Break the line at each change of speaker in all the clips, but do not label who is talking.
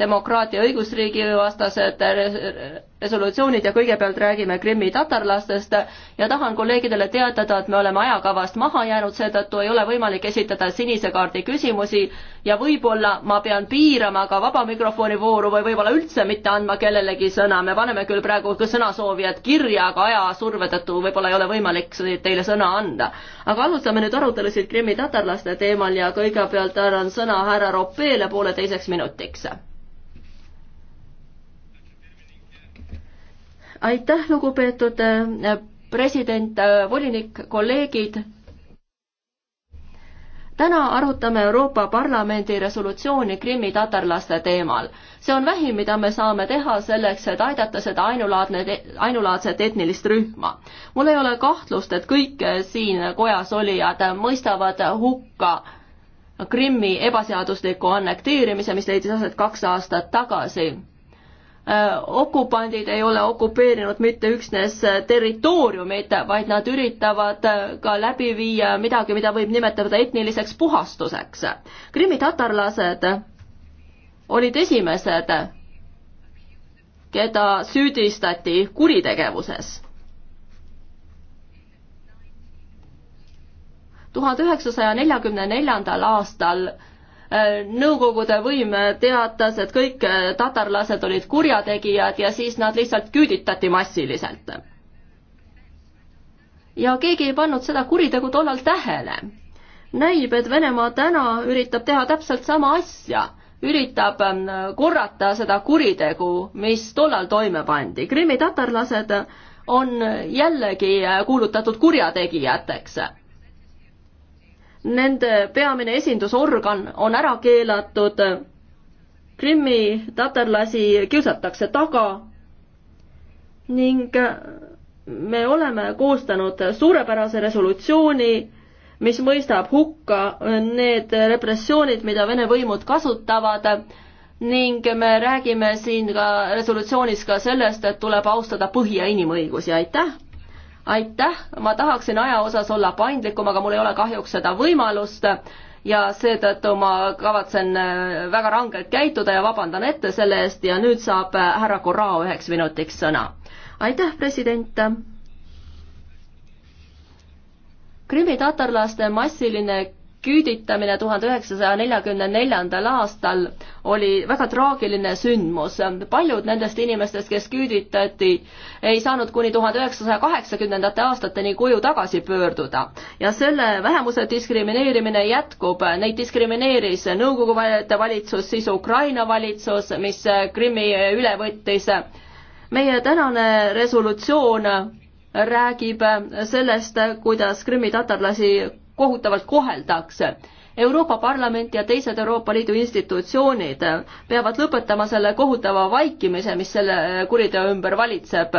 demokraatia õigusriigi vastased resolutsioonid ja kõigepealt räägime Krimmi tatarlastest ja tahan kolleegidele teatada, et me oleme ajakavast maha jäänud, seetõttu ei ole võimalik esitada sinise kaardi küsimusi ja võib-olla ma pean piirama ka vaba mikrofoni vooru või võib-olla üldse mitte andma kellelegi sõna, me paneme küll praegu ka sõnasoovijad kirja, aga ajasurve tõttu võib-olla ei ole võimalik teile sõna anda. aga alustame nüüd arutelusid Krimmi tatarlaste teemal ja kõigepealt annan sõna härra Ropeele pooleteiseks minutiks. aitäh, lugupeetud äh, president, äh, volinik, kolleegid. täna arutame Euroopa Parlamendi resolutsiooni krimmi-tatarlaste teemal. see on vähim, mida me saame teha selleks, et aidata seda ainulaadne, ainulaadset etnilist rühma. mul ei ole kahtlust, et kõik siin kojas olijad mõistavad hukka Krimmi ebaseadusliku annekteerimise, mis leidis aset kaks aastat tagasi Äh, okupandid ei ole okupeerinud mitte üksnes äh, territooriumit, vaid nad üritavad äh, ka läbi viia midagi, mida võib nimetada etniliseks puhastuseks. krimmitatarlased olid esimesed, keda süüdistati kuritegevuses. tuhande üheksasaja neljakümne neljandal aastal Äh, nõukogude võim teatas, et kõik äh, tatarlased olid kurjategijad ja siis nad lihtsalt küüditati massiliselt. ja keegi ei pannud seda kuritegu tollal tähele. näib, et Venemaa täna üritab teha täpselt sama asja üritab ähm, korrata seda kuritegu, mis tollal toime pandi. Krimmi tatarlased on jällegi äh, kuulutatud kurjategijateks nende peamine esindusorgan on ära keelatud. Krimmi tatarlasi kiusatakse taga ning me oleme koostanud suurepärase resolutsiooni, mis mõistab hukka need repressioonid, mida Vene võimud kasutavad ning me räägime siin ka resolutsioonis ka sellest, et tuleb austada põhi- ja inimõigusi, aitäh! aitäh, ma tahaksin aja osas olla paindlikum, aga mul ei ole kahjuks seda võimalust ja seetõttu ma kavatsen äh, väga rangelt käituda ja vabandan ette selle eest ja nüüd saab äh, härra Corrao üheks minutiks sõna. aitäh, president. Krimmi tatarlaste massiline küüditamine tuhande üheksasaja neljakümne neljandal aastal oli väga traagiline sündmus. paljud nendest inimestest, kes küüditati, ei saanud kuni tuhande üheksasaja kaheksakümnendate aastateni koju tagasi pöörduda. ja selle vähemuse diskrimineerimine jätkub, neid diskrimineeris Nõukogude valitsus, siis Ukraina valitsus, mis Krimmi üle võttis. meie tänane resolutsioon räägib sellest, kuidas krimmitatarlasi kohutavalt koheldakse. Euroopa Parlament ja teised Euroopa Liidu institutsioonid peavad lõpetama selle kohutava vaikimise, mis selle kuriteo ümber valitseb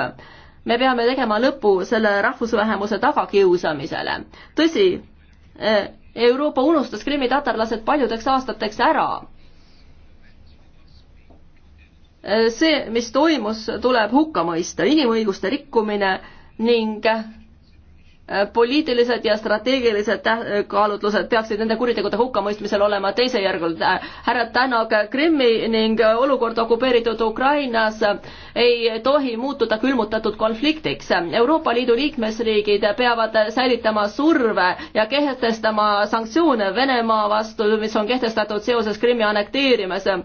me peame tegema lõpu selle rahvusvähemuse tagakiusamisele. tõsi, Euroopa unustas krimmitatarlased paljudeks aastateks ära. see, mis toimus, tuleb hukka mõista, inimõiguste rikkumine ning Äh, poliitilised ja strateegilised äh, kaalutlused peaksid nende kuritegude hukkamõistmisel olema teisejärgul. Äh, härra Tänak, Krimmi ning olukord okupeeritud Ukrainas ei tohi muutuda külmutatud konfliktiks. Euroopa Liidu liikmesriigid peavad säilitama surve ja kehtestama sanktsioone Venemaa vastu, mis on kehtestatud seoses Krimmi annekteerimise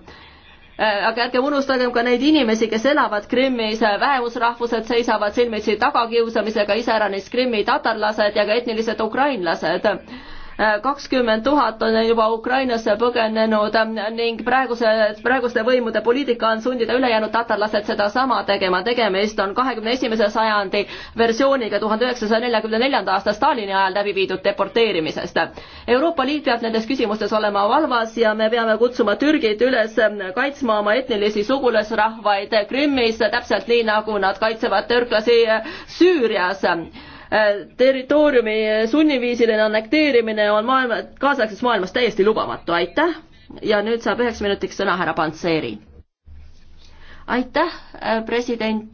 Äh, aga ärgem unustagem ka neid inimesi, kes elavad Krimmis, äh, vähemusrahvused seisavad silmitsi tagakiusamisega, iseäranis Krimmi tatarlased ja ka etnilised ukrainlased kakskümmend tuhat on juba Ukrainasse põgenenud ning praeguse, praeguste võimude poliitika on sundida ülejäänud tatarlased sedasama tegema. tegemist on kahekümne esimese sajandi versiooniga tuhande üheksasaja neljakümne neljanda aasta Stalini ajal läbi viidud deporteerimisest. Euroopa Liit peab nendes küsimustes olema valvas ja me peame kutsuma Türgit üles kaitsma oma etnilisi sugulasrahvaid Krimmis, täpselt nii, nagu nad kaitsevad türklasi Süürias Äh, territooriumi sunniviisiline annekteerimine on maailma, kaasaegses maailmas täiesti lubamatu, aitäh. ja nüüd saab üheks minutiks sõna härra Panseri. aitäh, äh, president.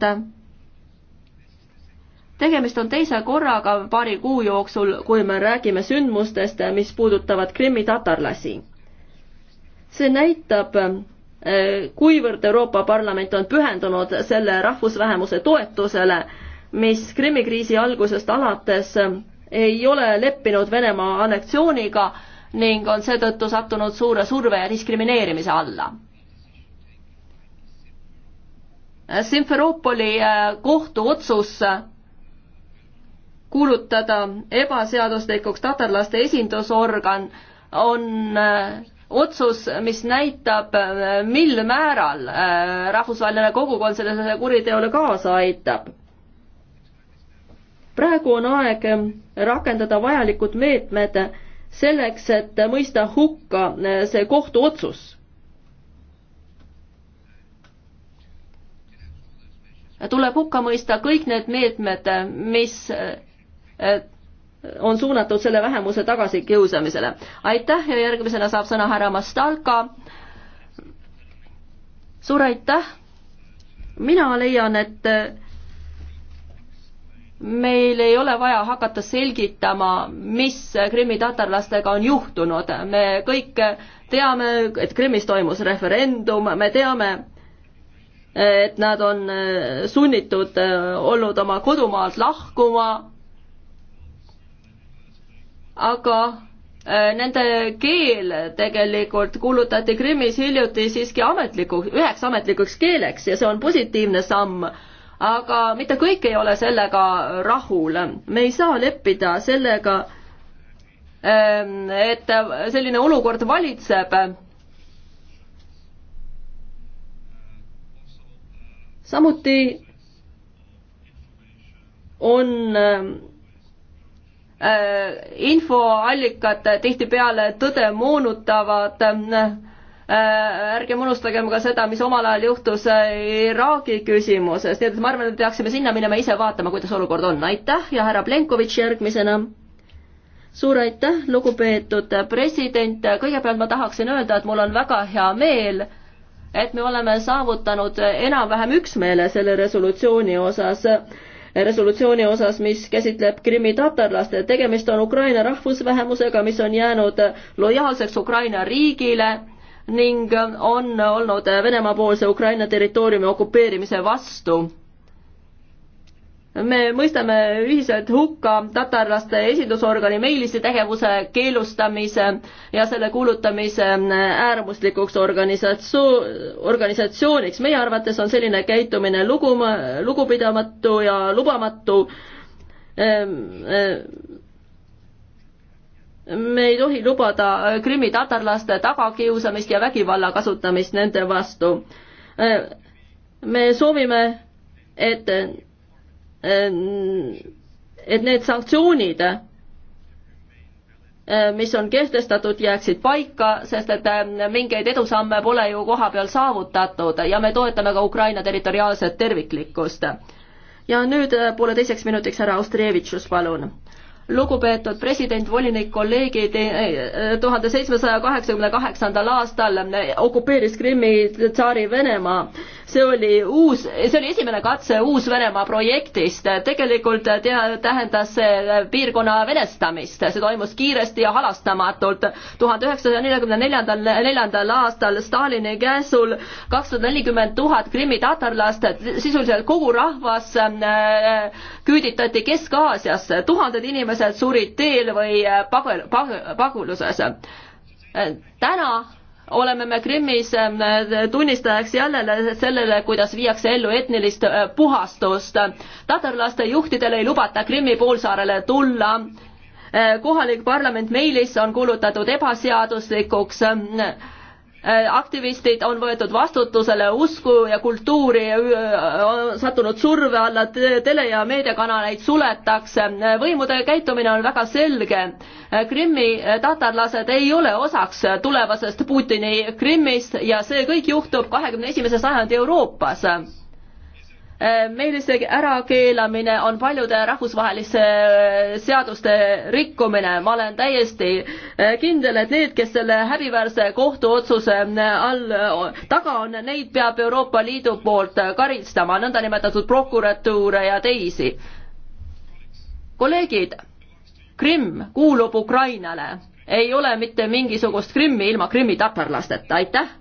tegemist on teise korraga paari kuu jooksul, kui me räägime sündmustest, mis puudutavad krimmitatarlasi. see näitab äh, kuivõrd Euroopa Parlament on pühendunud selle rahvusvähemuse toetusele mis Krimmi kriisi algusest alates äh, ei ole leppinud Venemaa annektsiooniga ning on seetõttu sattunud suure surve ja diskrimineerimise alla. Simferopoli äh, kohtuotsus äh, kuulutada ebaseaduslikuks tatarlaste esindusorgan on otsus, mis näitab, mil määral rahvusvaheline kogukond sellele kuriteole kaasa aitab praegu on aeg ähm, rakendada vajalikud meetmed selleks, et mõista hukka äh, see kohtuotsus. tuleb hukka mõista kõik need meetmed, äh, mis äh, on suunatud selle vähemuse tagasikiusamisele. aitäh ja järgmisena saab sõna härra Mastalka. suur aitäh. mina leian, et meil ei ole vaja hakata selgitama, mis krimmitatarlastega on juhtunud, me kõik teame, et Krimmis toimus referendum, me teame, et nad on sunnitud olnud oma kodumaalt lahkuma, aga äh, nende keel tegelikult kuulutati Krimmis hiljuti siiski ametlikuks, üheks ametlikuks keeleks ja see on positiivne samm aga mitte kõik ei ole sellega rahul. me ei saa leppida sellega, ähm, et selline olukord valitseb. samuti on ähm, äh, infoallikad tihtipeale tõde moonutavad Äh, ärgem unustagem ka seda, mis omal ajal juhtus äh, Iraagi küsimuses, nii et ma arvan, et peaksime sinna minema ise vaatama, kuidas olukord on. aitäh ja härra Plenkovitš järgmisena. suur aitäh, lugupeetud president, kõigepealt ma tahaksin öelda, et mul on väga hea meel, et me oleme saavutanud enam-vähem üksmeele selle resolutsiooni osas resolutsiooni osas, mis käsitleb krimmi-tatarlaste, tegemist on Ukraina rahvusvähemusega, mis on jäänud lojaalseks Ukraina riigile ning on olnud Venemaa-poolse Ukraina territooriumi okupeerimise vastu me mõistame ühiselt hukka tatarlaste esindusorgani Meilise tegevuse keelustamise ja selle kuulutamise äärmuslikuks organisatsioon, organisatsiooniks. meie arvates on selline käitumine lugu, lugupidamatu ja lubamatu. Ehm, ehm, me ei tohi lubada äh, Krimmi tatarlaste tagakiusamist ja vägivalla kasutamist nende vastu. Äh, me soovime, et, äh, et need sanktsioonid, mis on kehtestatud, jääksid paika, sest et mingeid edusamme pole ju kohapeal saavutatud ja me toetame ka Ukraina territoriaalset terviklikkust. ja nüüd pooleteiseks minutiks härra Austrevitšus, palun lugupeetud president, volinik, kolleegid, eh, eh, tuhande seitsmesaja kaheksakümne kaheksandal aastal eh, okupeeris Krimmi tsaari Venemaa see oli uus, see oli esimene katse Uus-Venemaa projektist, tegelikult tea, tähendas see piirkonna venestamist, see toimus kiiresti ja halastamatult. tuhande üheksasaja neljakümne neljandal, neljandal aastal Stalini käsul kakssada nelikümmend tuhat krimmitatarlast, sisuliselt kogu rahvas äh, küüditati Kesk-Aasiasse, tuhanded inimesed surid teel või pagul, paguluses. täna oleme me Krimmis ähm, tunnistajaks jälle sellele, kuidas viiakse ellu etnilist äh, puhastust. tatarlaste juhtidel ei lubata Krimmi poolsaarele tulla. Äh, kohalik parlament Meilis on kuulutatud ebaseaduslikuks Äh, aktivistid on võetud vastutusele, usku ja kultuuri äh, on sattunud surve alla, tele- ja meediakanaleid suletakse, äh, võimude käitumine on väga selge. Krimmi tatarlased ei ole osaks tulevasest Putini Krimmist ja see kõik juhtub kahekümne esimese sajandi Euroopas Äh, meil isegi ärakeelamine on paljude rahvusvaheliste äh, seaduste rikkumine, ma olen täiesti äh, kindel, et need, kes selle häbiväärse kohtuotsuse all taga on, neid peab Euroopa Liidu poolt karistama, nõndanimetatud prokuratuure ja teisi. kolleegid, Krimm kuulub Ukrainale, ei ole mitte mingisugust Krimmi ilma Krimmi tatarlasteta, aitäh!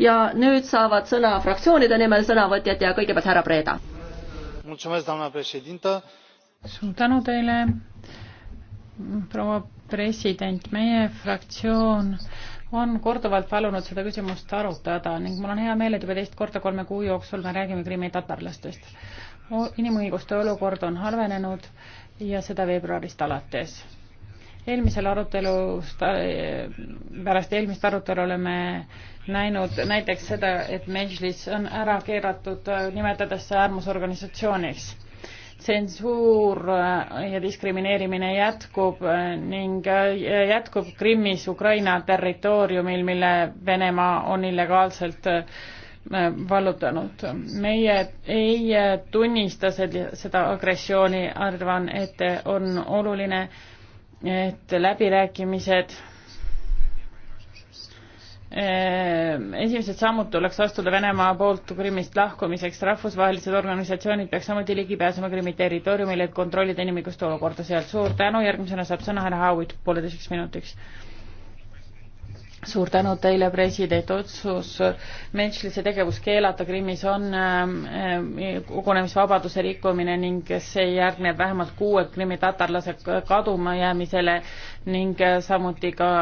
ja nüüd saavad sõna fraktsioonide nimel sõnavõtjad ja kõigepealt härra Breda.
suur tänu teile, proua president, meie fraktsioon on korduvalt palunud seda küsimust arutada ning mul on hea meel, et juba teist korda kolme kuu jooksul me räägime Krimmi tatarlastest. inimõiguste olukord on halvenenud ja seda veebruarist alates eelmisel arutelu, äh, pärast eelmist arutelu oleme näinud näiteks seda, et Mejlis on ära keeratud, äh, nimetades äärmusorganisatsiooniks. tsensuur äh, ja diskrimineerimine jätkub ning jätkub Krimmis Ukraina territooriumil, mille Venemaa on illegaalselt vallutanud. meie ei tunnista seda agressiooni, arvan, et on oluline et läbirääkimised ehm, esimesed sammud tuleks astuda Venemaa poolt Krimmist lahkumiseks, rahvusvahelised organisatsioonid peaks samuti ligi pääsema Krimmi territooriumile, et kontrollida inimõiguste olukorda seal. suur tänu, järgmisena saab sõna härra Haavuit pooleteiseks minutiks suur tänu teile, president, otsus Menšlise tegevus keelata Krimmis on äh, äh, kogunemisvabaduse rikkumine ning see järgneb vähemalt kuue Krimmi tatarlase kadumajäämisele ning äh, samuti ka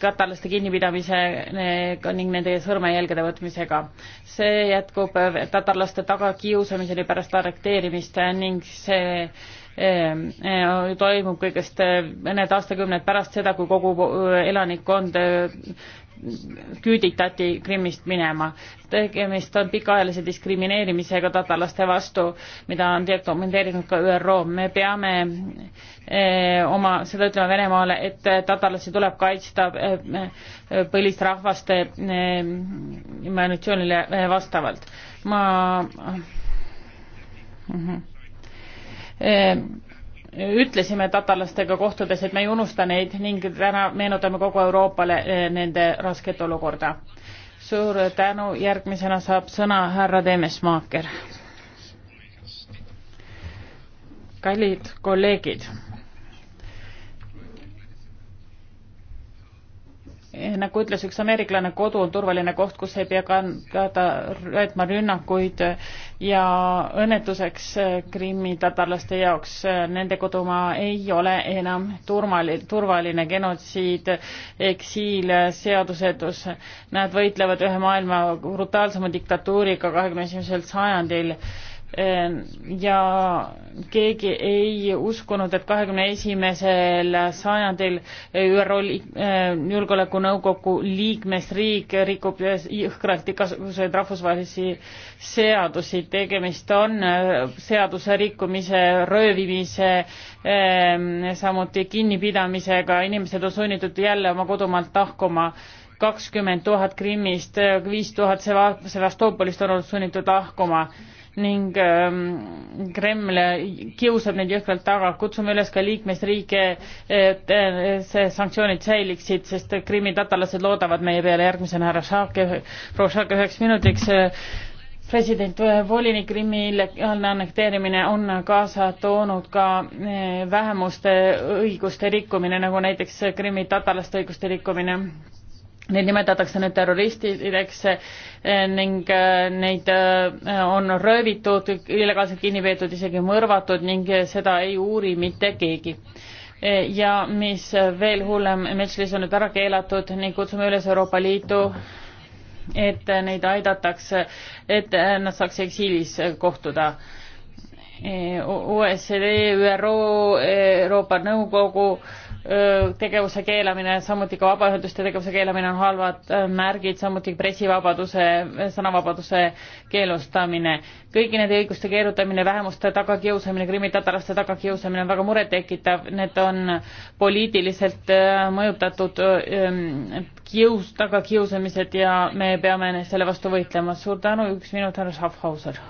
katarlaste kinnipidamisega ning nende sõrmejälgede võtmisega. see jätkub tatarlaste tagakiusamiseni pärast arreteerimist ning see Ehm, eh, toimub kõigest mõned eh, aastakümned pärast seda, kui kogu eh, elanikkond küüditati Krimmist minema. tegemist on pikaajalise diskrimineerimisega tatarlaste vastu, mida on dokumenteerinud ka ÜRO. me peame oma, seda ütlema Venemaale, et tatarlasi tuleb kaitsta põlist rahvaste emanatsioonile vastavalt. ma mhm. Ehm, ütlesime tatarlastega kohtudes, et me ei unusta neid ning täna meenutame kogu Euroopale eh, nende rasket olukorda. suur tänu, järgmisena saab sõna härra Temesmaaker. kallid kolleegid nagu ütles üks ameeriklane, kodu on turvaline koht, kus ei pea kanda, võetma rünnakuid ja õnnetuseks Krimmi tatarlaste jaoks nende kodumaa ei ole enam turvali-, turvaline genotsiid, eksiil, seadusetus. Nad võitlevad ühe maailma brutaalsema diktatuuriga kahekümne esimesel sajandil Ehm, ja keegi ei uskunud, et kahekümne esimesel sajandil ÜRO ehm, Julgeolekunõukogu liikmesriik rikub jõhkralt igasuguseid rahvusvahelisi seadusi, tegemist on ehm, seaduse rikkumise, röövimise, samuti kinnipidamisega, inimesed on sunnitud jälle oma kodumaalt lahkuma kakskümmend tuhat Krimmist, viis tuhat Sevastoopolist on olnud sunnitud lahkuma ning ähm, Kreml kiusab neid jõhkralt taga. kutsume üles ka liikmesriike, et äh, see sanktsioonid säiliksid, sest Krimmi tatarlased loodavad meie peale järgmisena härra Šaake, proua Šaake üheks minutiks. president äh, volinik Krimmi illegaalne annekteerimine on kaasa toonud ka äh, vähemuste õiguste rikkumine, nagu näiteks Krimmi tatarlaste õiguste rikkumine Neid nimetatakse nüüd terroristideks eh, ning eh, neid eh, on röövitud, illegaalselt kinni peetud, isegi mõrvatud ning seda ei uuri mitte keegi. ja mis veel hullem, Metslis on nüüd ära keelatud ning kutsume üles Euroopa Liitu, et neid aidataks, et nad saaks eksiilis kohtuda OECD, ÜRO, Euroopa Nõukogu tegevuse keelamine, samuti ka vabaühenduste tegevuse keelamine on halvad märgid, samuti pressivabaduse, sõnavabaduse keelustamine. kõigi nende õiguste keerutamine, vähemuste tagakiusamine, krimmitataraste tagakiusamine on väga murettekitav, need on poliitiliselt mõjutatud kius, tagakiusamised ja me peame selle vastu võitlema. suur tänu, üks minut, härra Schaffhauser.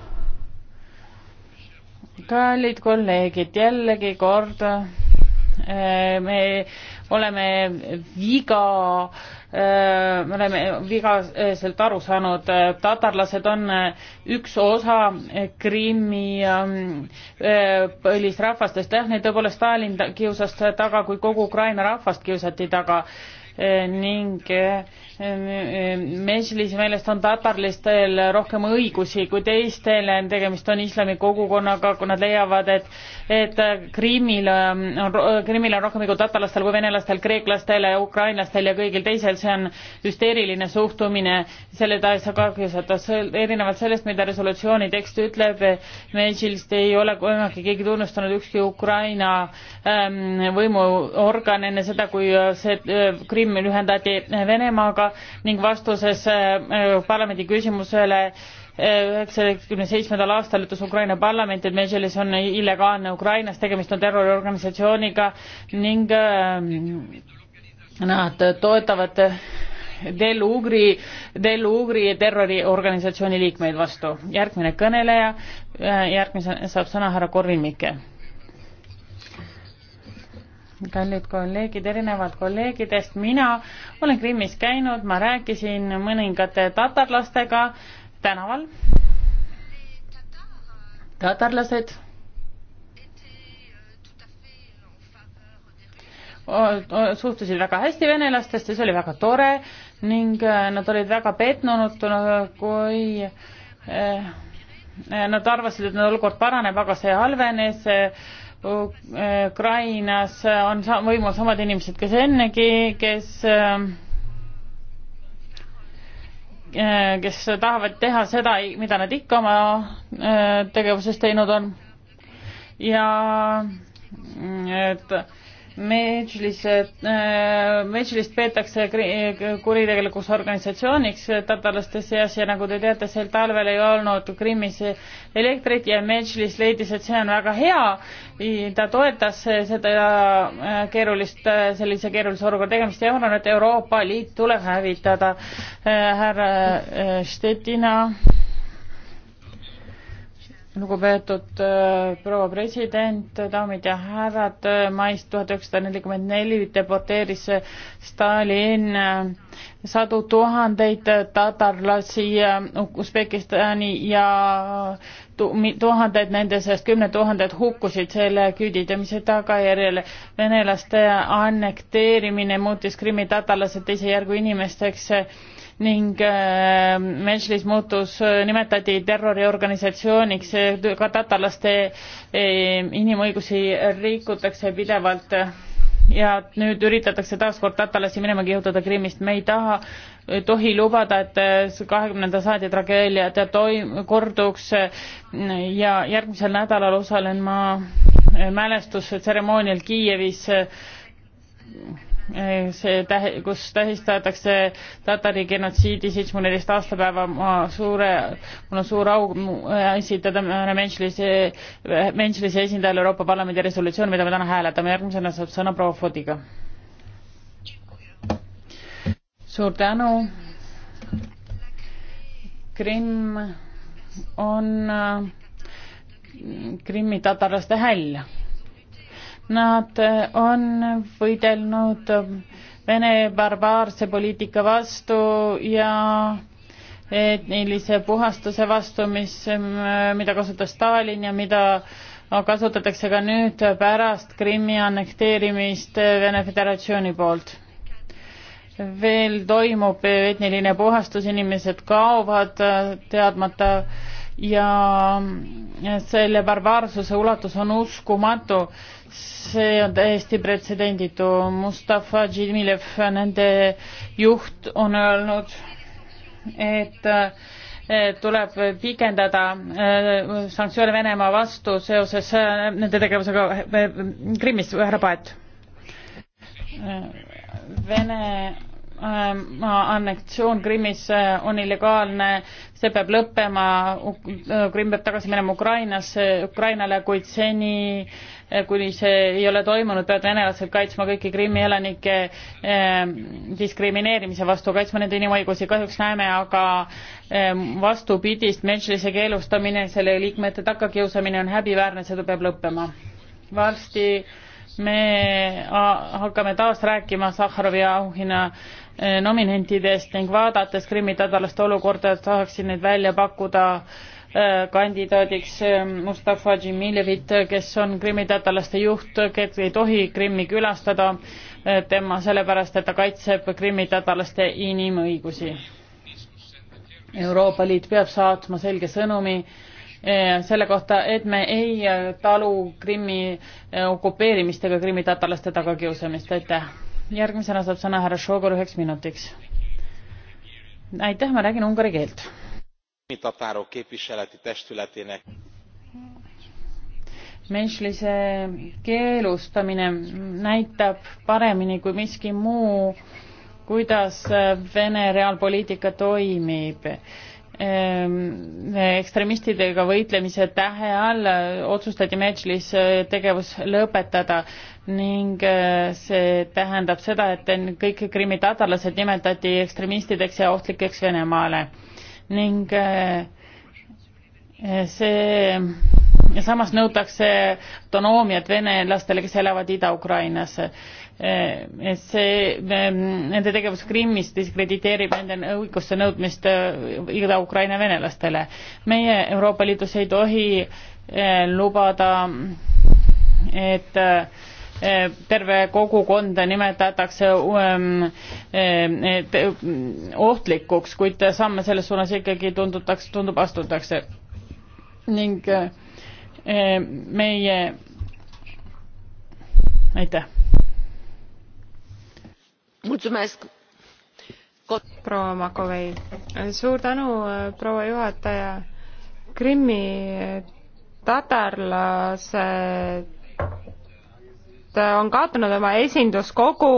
kallid kolleegid, jällegi kord Äh, me oleme viga, äh, me oleme vigaselt aru saanud, äh, tatarlased on üks osa Krimmi ähm, põlisrahvastest, jah, neid tõepoolest Stalin kiusas taga, kui kogu Ukraina rahvast kiusati taga ning Ehm, ehm, Mešlise meelest on tatarlistel rohkem õigusi kui teistel, tegemist on islami kogukonnaga, kui nad leiavad, et, et Krimmil ähm, on, äh, Krimmil on rohkem õigu tatarlastel kui venelastel, kreeklastel, ukrainlastel ja kõigil teisel, see on hüsteeriline suhtumine, selle ta ei saa kahjustada, erinevalt sellest, mida resolutsiooni tekst ütleb, Mešlist ei ole kunagi keegi tunnustanud ükski Ukraina ähm, võimuorgan enne seda, kui see äh, Krimm ühendati Venemaaga, Euroopa ning vastuses äh, parlamendi küsimusele äh, üheksakümne seitsmendal aastal ütles Ukraina parlament, et Medželis on illegaalne Ukrainas, tegemist on terroriorganisatsiooniga ning äh, nad toetavad Del Ugri, Del Ugri terroriorganisatsiooni liikmeid vastu. järgmine kõneleja, järgmisena saab sõna härra Korvin Mikke kallid kolleegid, erinevad kolleegidest, mina olen Krimmis käinud, ma rääkisin mõningate tatarlastega tänaval. tatarlased suhtusid väga hästi venelastest ja see oli väga tore ning äh, nad olid väga pettunud, kui äh, nad arvasid, et nende olukord paraneb, aga see halvenes äh, Ukrainas on võimul samad inimesed, kes ennegi, kes äh, kes tahavad teha seda, mida nad ikka oma äh, tegevuses teinud on ja et Medžlise, äh, Medžlist peetakse äh, kuritegelikuks organisatsiooniks tatarlaste seas ja nagu te teate, sel talvel ei olnud Krimmis elektrit ja Medžlis leidis, et see on väga hea. ta toetas seda äh, keerulist, sellise keerulise olukorra tegemist ja arvan, et Euroopa Liit tuleb hävitada. härra Stettina lugupeetud äh, proua president, daamid ja härrad, äh, mais tuhat üheksasada nelikümmend neli deporteeris äh, Stalin sadu tuhandeid tatarlasi Usbekistani ja tuhanded nende seast, kümned tuhanded hukkusid selle küüditamise tagajärjel. venelaste annekteerimine muutis Krimmi tatarlased teise järgu inimesteks ning äh, Menšlis muutus, äh, nimetati terroriorganisatsiooniks, ka tatarlaste äh, inimõigusi rikutakse pidevalt ja nüüd üritatakse taas kord tatarlasi minema kihutada Krimmist, me ei taha, tohi lubada, et kahekümnenda sajandi tragöödiad toim-, korduks ja järgmisel nädalal osalen ma mälestustseremoonial Kiievis Eh, see tähe, kus tähistatakse tatari genotsiidi seitsmekümneteist aastapäeva, ma suure, mul on suur au äh, esitada Menšlise, Menšlise esindajale Euroopa Parlamendi resolutsioon, mida me täna hääletame, järgmisena saab sõna proua Fodiga. suur tänu. Krimm on äh, Krimmi tatarlaste häll Nad eh, on võidelnud Vene barbaarse poliitika vastu ja etnilise puhastuse vastu, mis, eh, mida kasutas Stalin ja mida kasutatakse ka nüüd pärast Krimmi annekteerimist Vene Föderatsiooni poolt. veel toimub etniline puhastus, inimesed kaovad teadmata, ja selle barbaarsuse ulatus on uskumatu. see on täiesti pretsedenditu. Mustafa Džimilev, nende juht, on öelnud, et tuleb pikendada äh, sanktsioone Venemaa vastu seoses äh, nende tegevusega äh, Krimmis, härra Paet. Vene Ähm, maa anneksioon Krimmis äh, on illegaalne, see peab lõppema, äh, Krimm peab tagasi minema Ukrainasse, Ukrainale, kuid seni, äh, kuni see ei ole toimunud, peavad venelased kaitsma kõiki Krimmi elanike ähm, diskrimineerimise vastu, kaitsma nende inimõigusi, kahjuks näeme aga ähm, vastupidist, Medžlise keelustamine, selle liikmete takkakiusamine on häbiväärne, seda peab lõppema. varsti äh, me hakkame taas rääkima Sahharovi auhinna e, nominentidest ning vaadates Krimmi tatarlaste olukorda, tahaksin neid välja pakkuda e, kandidaadiks e, Mustafa Džimilevit, kes on Krimmi tatarlaste juht, kes ei tohi Krimmi külastada, tema sellepärast, et ta kaitseb Krimmi tatarlaste inimõigusi. Euroopa Liit peab saatma selge sõnumi, Eh, selle kohta, et me ei eh, talu Krimmi eh, okupeerimist ega krimmitatarlaste tagakiusamist, aitäh. järgmisena saab sõna härra Šogor üheks minutiks. aitäh, ma räägin ungari keelt. krimmitatarok képviseleti testületének menšlise keelustamine näitab paremini kui miski muu, kuidas Vene reaalpoliitika toimib Ehm, ekstremistidega võitlemise tähe all äh, otsustati Medžlis äh, tegevus lõpetada ning äh, see tähendab seda, et kõik Krimmi tatarlased nimetati ekstremistideks ja ohtlikeks Venemaale ning see ja samas nõutakse autonoomiat venelastele, kes elavad Ida-Ukrainas Eh, see, ehm, nende tegevus Krimmis diskrediteerib nende õiguste nõudmist eh, iga Ukraina venelastele. meie Euroopa Liidus ei tohi eh, lubada, et terve kogukonda nimetatakse ehm, ohtlikuks, kuid samme selles suunas ikkagi tundutakse, tundub astutakse. ning meie, aitäh proua Makovei,
suur tänu, proua juhataja. Krimmi tatarlased on kaotanud oma esinduskogu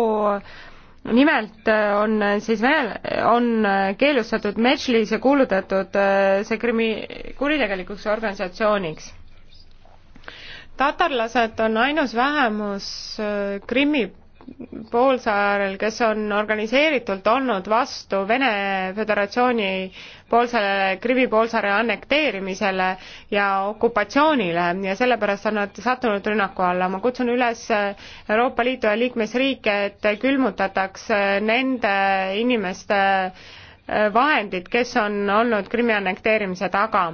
nimelt on siis Vene, on keelustatud Medžlis ja kuulutatud äh, see krimi-, kuritegelikuks organisatsiooniks. tatarlased on ainus vähemus äh, Krimmi poolsaarel, kes on organiseeritult olnud vastu Vene Föderatsiooni poolsaare, Krimmi poolsaare annekteerimisele ja okupatsioonile ja sellepärast on nad sattunud rünnaku alla. ma kutsun üles Euroopa Liidu ja liikmesriike, et külmutataks nende inimeste vahendid, kes on olnud Krimmi annekteerimise taga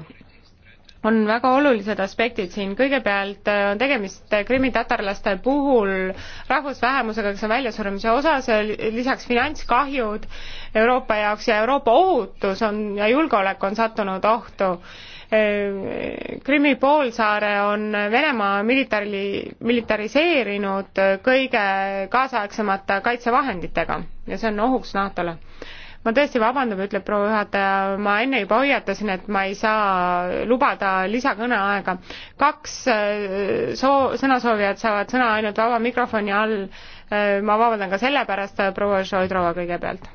on väga olulised aspektid siin, kõigepealt äh, on tegemist äh, krimmitatarlaste puhul rahvusvähemusega, kes on väljasuremise osas, lisaks finantskahjud Euroopa jaoks ja Euroopa ohutus on ja julgeolek on sattunud ohtu. Äh, Krimmi poolsaare on Venemaa militari, militariseerinud kõige kaasaegsemate kaitsevahenditega ja see on ohuks NATO-le ma tõesti vabandan, ütleb proua juhataja, ma enne juba hoiatasin, et ma ei saa lubada lisakõneaega. kaks äh, soo-, sõnasoovijat saavad sõna ainult vaba mikrofoni all. Äh, ma vabandan ka selle pärast, proua Šoidrova kõigepealt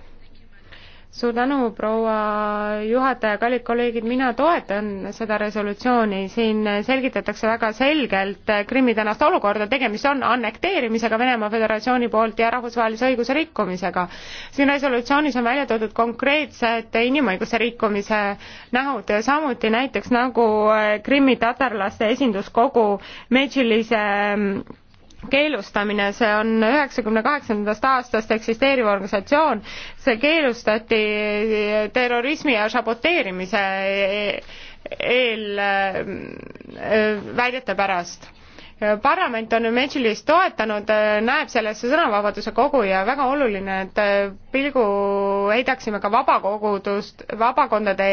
suur tänu, proua juhataja, kallid kolleegid, mina toetan seda resolutsiooni, siin selgitatakse väga selgelt Krimmi tänast olukorda, tegemist on annekteerimisega Venemaa Föderatsiooni poolt ja rahvusvahelise õiguse rikkumisega. siin resolutsioonis on välja toodud konkreetsed inimõiguse rikkumise nähud, samuti näiteks nagu Krimmi tatarlaste esinduskogu Medžilise keelustamine, see on üheksakümne kaheksandast aastast eksisteeriv organisatsioon, see keelustati terrorismi ja saboteerimise eel äh, väidete pärast parlament on Medžilis toetanud, äh, näeb sellesse sõnavabaduse kogu ja väga oluline, et äh, pilgu heidaksime ka vabakogudust, vabakondade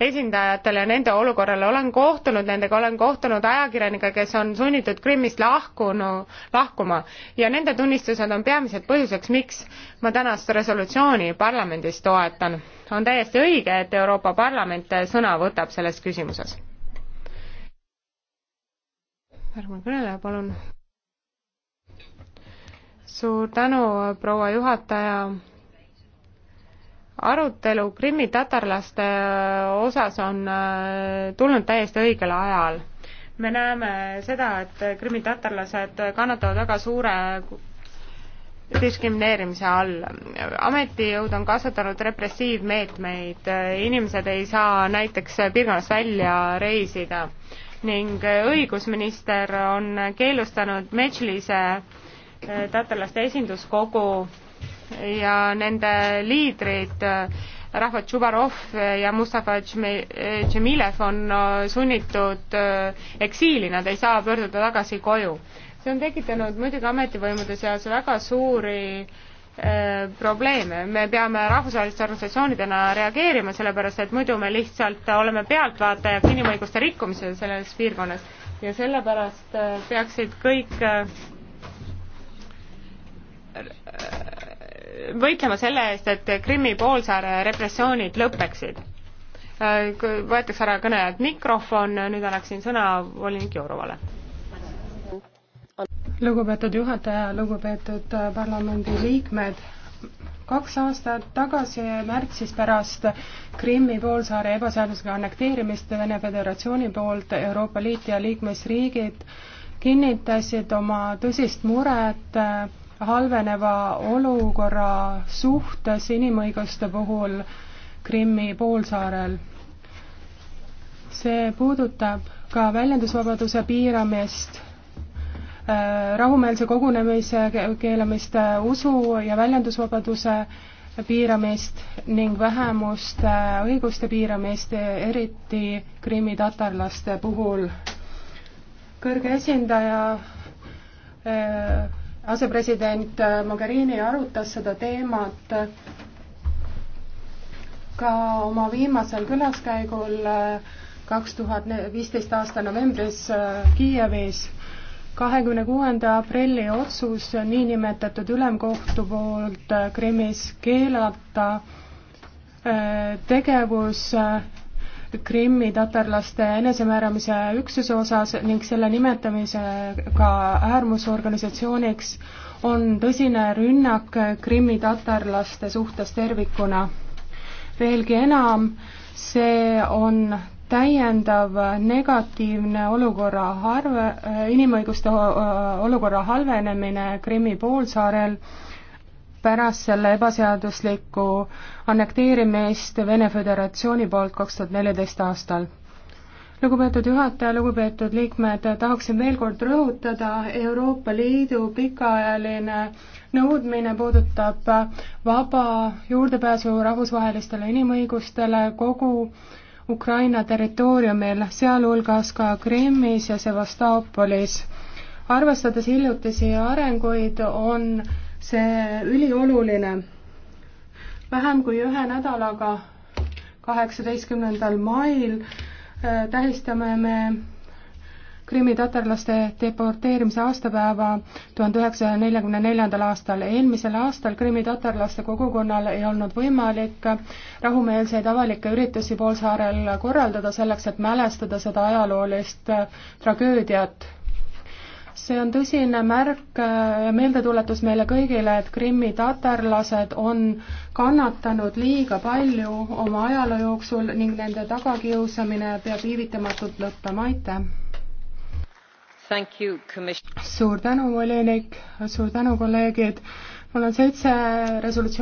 esindajatele ja nende olukorrale. olen kohtunud nendega, olen kohtunud ajakirjanikega, kes on sunnitud Krimmist lahkunu, lahkuma ja nende tunnistused on peamiselt põhjuseks, miks ma tänast resolutsiooni parlamendis toetan. on täiesti õige, et Euroopa Parlament sõna võtab selles küsimuses. järgmine kõneleja, palun suur tänu, proua juhataja arutelu Krimmi tatarlaste äh, osas on äh, tulnud täiesti õigel ajal. me näeme seda, et Krimmi tatarlased kannatavad väga suure diskrimineerimise all. ametijõud on kasutanud repressiivmeetmeid, inimesed ei saa näiteks piirkonnast välja reisida ning õigusminister on keelustanud Medžlise äh, tatarlaste esinduskogu ja nende liidrid, rahvad Tšubarov ja Mustafa Džemilev on sunnitud äh, eksiili, nad ei saa pöörduda tagasi koju. see on tekitanud muidugi ametivõimude seas väga suuri äh, probleeme, me peame rahvusvaheliste organisatsioonidena reageerima, sellepärast et muidu me lihtsalt oleme pealtvaatajaks inimõiguste rikkumisel selles piirkonnas ja sellepärast äh, peaksid kõik võitlema selle eest, et Krimmi poolsaare repressioonid lõpeksid. Äh, võetakse ära kõnejalt mikrofon, nüüd annaksin sõna volinik Jourovale.
lugupeetud juhataja, lugupeetud äh, parlamendiliikmed, kaks aastat tagasi märtsis pärast Krimmi poolsaare ebaseaduslikku annekteerimist Vene Föderatsiooni poolt Euroopa Liit ja liikmesriigid kinnitasid oma tõsist muret äh, halveneva olukorra suhtes inimõiguste puhul Krimmi poolsaarel. see puudutab ka väljendusvabaduse piiramist, äh, rahumeelse kogunemise keelamist, äh, usu ja väljendusvabaduse piiramist ning vähemuste äh, õiguste piiramist, eriti krimmi-tatarlaste puhul. kõrge esindaja asepresident äh, Mogherini arutas seda teemat ka oma viimasel külaskäigul äh, kaks tuhat viisteist aasta novembris äh, Kiievis. kahekümne kuuenda aprilli otsus niinimetatud ülemkohtu poolt Krimmis keelata tegevus Krimmi tatarlaste enesemääramise üksuse osas ning selle nimetamisega äärmusorganisatsiooniks on tõsine rünnak Krimmi tatarlaste suhtes tervikuna. veelgi enam, see on täiendav negatiivne olukorra arve, äh, inimõiguste äh, olukorra halvenemine Krimmi poolsaarel pärast selle ebaseaduslikku annekteerimist Vene Föderatsiooni poolt kaks tuhat neliteist aastal. lugupeetud juhataja, lugupeetud liikmed, tahaksin veel kord rõhutada, Euroopa Liidu pikaajaline nõudmine puudutab vaba juurdepääsu rahvusvahelistele inimõigustele kogu Ukraina territooriumil, sealhulgas ka Krimmis ja Sevastoopolis arvestades hiljutisi arenguid, on see ülioluline. vähem kui ühe nädalaga, kaheksateistkümnendal mail äh, tähistame me krimmitatarlaste deporteerimise aastapäeva tuhande üheksasaja neljakümne neljandal aastal. eelmisel aastal krimmitatarlaste kogukonnal ei olnud võimalik rahumeelseid avalikke üritusi poolsaarel korraldada selleks, et mälestada seda ajaloolist äh, tragöödiat see on tõsine märk ja meeldetuletus meile kõigile, et Krimmi tatarlased on kannatanud liiga palju oma ajaloo jooksul ning nende tagakiusamine peab viivitamatult lõppema, aitäh! suur tänu, volinik, suur tänu, kolleegid, mul on seitse resolutsiooni